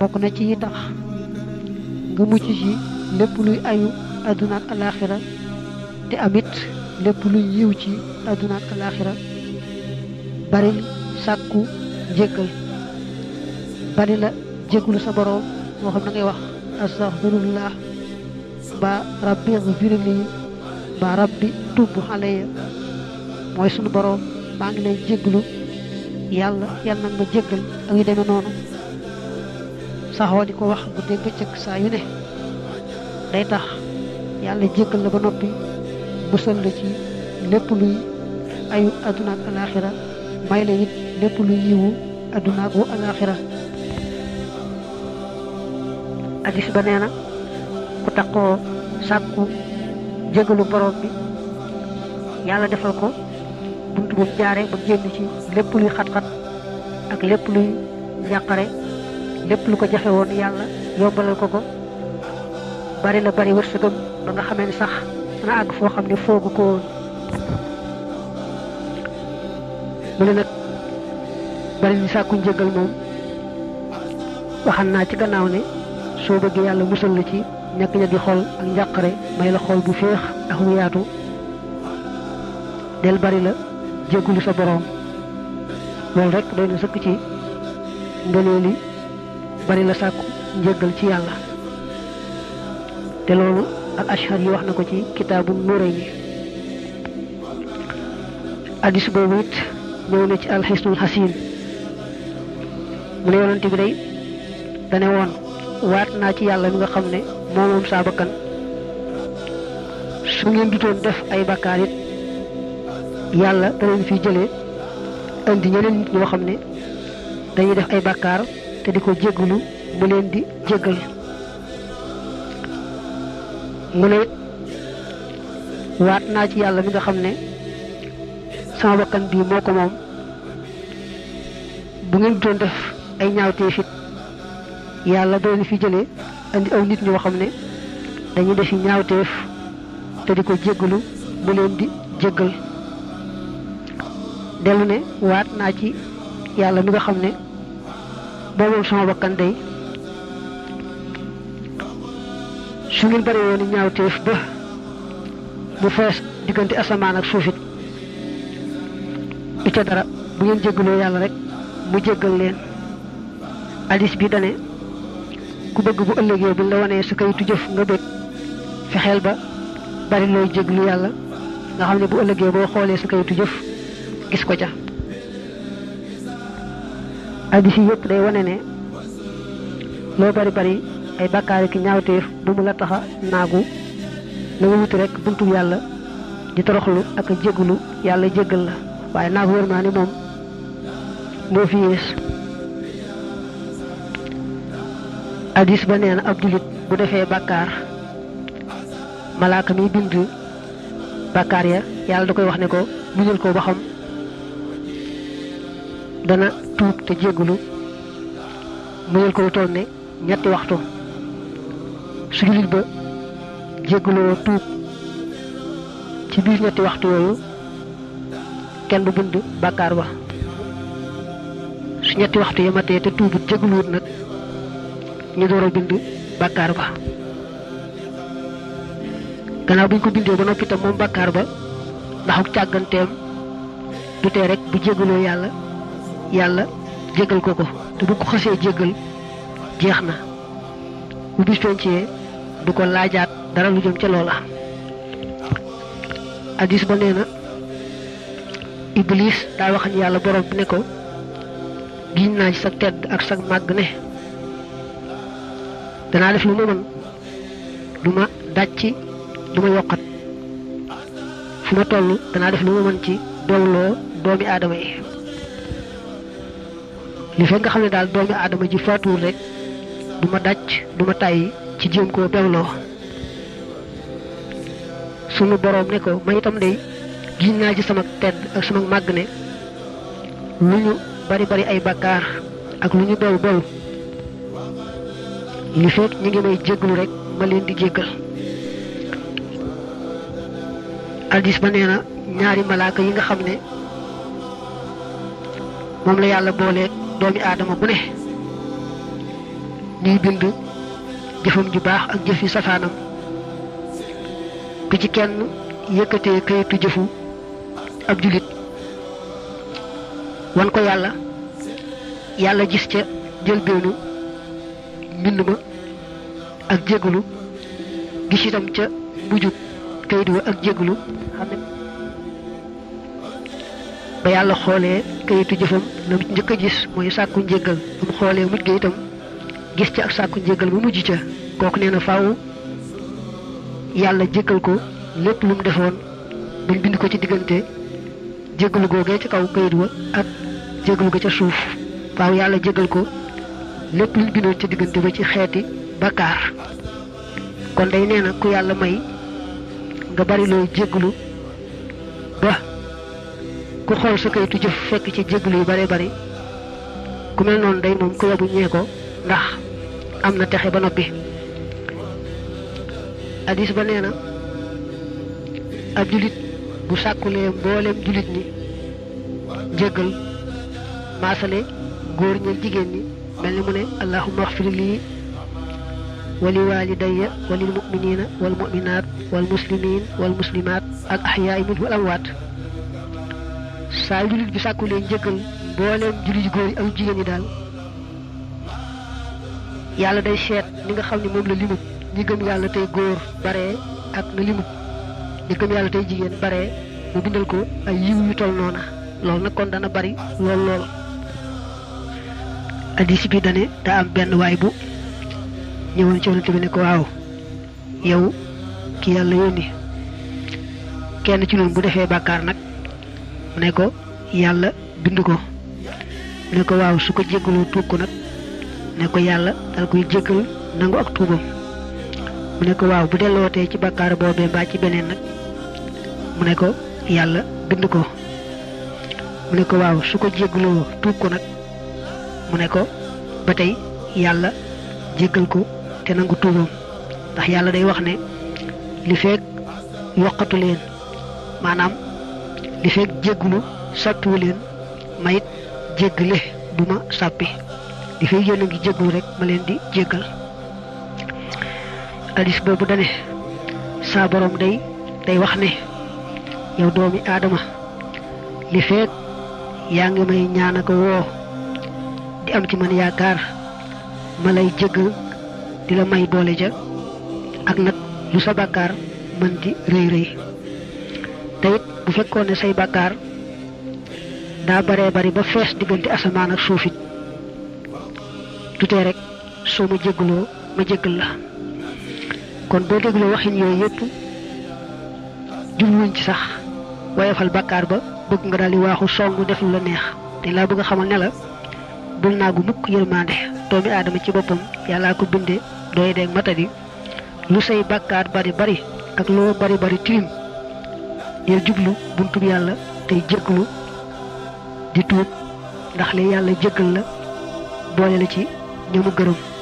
bokku na ci tax nga mucc ci lepp luy ayu aduna ak alakhirah te amit lepp luy yiw ci aduna ak alakhirah bari sakku jéggal bari la jéggulu sa borom mo xam na ngay wax astaghfirullah ba rabbi ghfirli ba rabbi tub alayya moy sunu borom ba ngi lay jeglu yalla yalla nga ak yi nonu saxoo di ko wax bu dégg cëg saa yu ne day tax yalla jekal la ba noppi musal la ci lépp luy ayu aduna ak alakhirah may la it lépp luy yiwu aduna ak alakhirah adis banena ku takko sakku jegalu borom bi yalla defal ko buntu bu jaare bu génn ci lepp luy xat-xat ak lepp luy yàqare lépp lu ko joxewoon woon yàlla yombalal ko ko bari la bari wërsëgam ba nga xamee ni sax dana àgg foo xam ne foogu ko woon mu ne nag bari ni sàkku njëgal moom waxan naa ci gannaaw ne soo bëggee yàlla musal la ci ñàkk ñàkki xol ak njàqare may la xol bu féex ak mu yaatu del bari la jéggulu sa boroom loolu rek doy na sëkk ci ngëneeli bari la sakku njëggal ci yalla te lolu al ashhar yi wax nako ci kitaabu nuray yi hadis bo wit ñew na ci al hisnul hasin ne yonenti bi day dane won wat na ci yalla nga xamne ne moo moom bakkan su ngeen ton def ay bakkaar it yàlla da fi jele andi ñeneen ñoo xamne dañuy def ay bakkar te di ko jégalu mu leen di jégal mu ne waat naa ci yàlla mi nga xam ne sama bakkan bii moo ko moom bu ngeen doon def ay ñaawteef yàlla doon leen fi jëlee andi nit ñoo xam ne dañuy defi ñaawteef te di ko jégalu mu leen di jégal dellu ne waat naa ci yàlla mi nga xam ne. boobul sama bakkan day su ngeen bari woon ñaawteef ba bu fees diggante asamaan ak suufit du ca dara bu ngeen jéggaloo yàlla rek mu jéggal leen addis bi dane ku bëgg bu ëllëgee buñ la wanee sa kayitu jëf nga bëgg fexeel ba bari looy jéglu yàlla nga xam ne bu ëllëgee boo xoolee sa kayitu jëf gis ko ca addis yi yëpp day wane ne loo bari bari ay bakkaari ki ñaawteef bu mu la taxa naagu na wuti rek buntu yàlla di toroxlu ak a yàlla jégal la waaye naagu yërmaane moom moo fi yées addis ba nee na ab jullit bu defee bakkaar malaaka mi bind bakkaar ya yàlla da koy wax ne ko muñal ko ba xam dana tuub te jéggulu muyal ko lu toll ne ñetti waxtu su jullit ba jégguloo tuub ci biir ñetti waxtu yooyu kenn du bind bàkkaar ba su ñetti waxtu yi matee te tuubut jégguluwut nag ñu door a bind bàkkaar ba gannaaw bu ñu ko bindee ba noppi moom bàkkaar ba ndaxuk càgganteem du tee bu jégguloo yàlla yàlla jégal ko ko te bu ko xasee jégal jeex na bu bis pencee du ko laajaat dara lu jëm ca loola hadis ba nee na iblis daa wax ni yàlla borom ne ko giñ naa sa tedd ak sa màgg ne danaa def lu ma mën du ma dàcc du ma yokkat fu ma toll danaa def lu ma ci doomi aadama li fa nga xam ne daal doomi aadama ji faatuwul rek du ma dàcc du ma tàyyi ci jéem koo bewloo sunu boroom ne ko man itam day giñ naa ci sama tedd ak sama màgg ne lu ñu bari bari ay bakkaar ak lu ñu bew bew li fekk ñu ngi may jéggalu rek ma leen di jéggal addis ba nee na ñaari malaaka yi nga xam ne moom la yàlla booleeg doomi aadama bu ne ñuy bind jëfam ju baax ak jëfi safaanam ku ci kenn yëkkatee kayitu jëfu ab jullit wan ko yàlla yàlla gis ca njëlbeenu mbind ma ak jégalu gisitam ca mujjub kayit ak jégalu ba yàlla xoolee kayitu jëfam la mu njëkk a gis mooy sàkku njéggal ba xoolee mujj ga itam gis ca ak sàkku njéggal mu mujj ca kooku nee na faaw yàlla jéggal ko lépp lu mu defoon ñu bind ko ci diggante jéggalu googee ca kaw kayit wa ak jéggalu ga ca suuf faaw yàlla jéggal ko lépp lu mu bindoon ca diggante ba ci xeeti bakkaar kon day nee na ku yàlla may nga bari looy jéggalu ba ku xool sa kayitu jëf fekk ci jéglu yu bare bare ku mel noonu day moom ku yobu ñee ko ndax am na texe ba noppi addis ba nee na ab jullit bu sàkkulee mbooleem jullit ñi jéggal maasale góor ñi jigéen ñi mel ni mu ne allahumma axfir lii wali walidayya walil muminina wal muminat wal muslimin wal muslimat al ahyaai minhu al amwaat saa yu jullit bi sàkkulee njëkkal mbooleem jullit góor yi am jigéen ñi daal yàlla day seet li nga xam ne moom la limub ñi yàlla tey góor bare ak na limub ñi yàlla tey jigéen bare mu bindal ko ay yiw yu toll noona loolu nag kon dana bari lool lool addis bi dane daa am benn waay bu ñëwoon ci yonent bi ne ko waaw yow ki yàlla yónni kenn ci noonu bu defee bàkkaar nag mu ne ko yàlla bind ko mu ne ko waaw su ko jéggaloo tuub ko nag ne ko yàlla dal koy jéggal nangu ak tuubam mu ne ko waaw bu dellootee ci bàkkaar boobee mbaa ci beneen nag mu ne ko yàlla bind ko mu ne ko waaw su ko jéggaloo tuub ko nag mu ne ko ba tey yàlla jéggal ko te nangu tuubam ndax yàlla day wax ne li fekk yoqatu leen di fek jéggulu sàppiwu len mayit jéggale duma sappi di fek yéen a ngi bapudane, rek ma len di jegal alis bobu dane sa borom day day wax ne yow doomi adama li fek yang may ñaan ak di am ci man yaakar ma lay di la may doole ja ak nak lu sa bakkar man di reey reey tayit bu fekkone say bakar da bare bari ba fess diggante asamaan ak suufit tuté rek soo ma jégguloo ma jéggal la kon boo dégloo waxin yooyu yépp jubluñ ci sax wayefal bakar ba bëgg nga daal di waaxu song def lu la neex té la bëgg xamal ne la bul naagu mukk yërmande doomi aadama ci bopam yalla ko bindé doy matadi lu say bakar bari bari ak loo bari bari tim yéen jublu buntub yàlla tey jégglu di tuub ndax li yàlla jéggal la boole la ci ñamu gërëm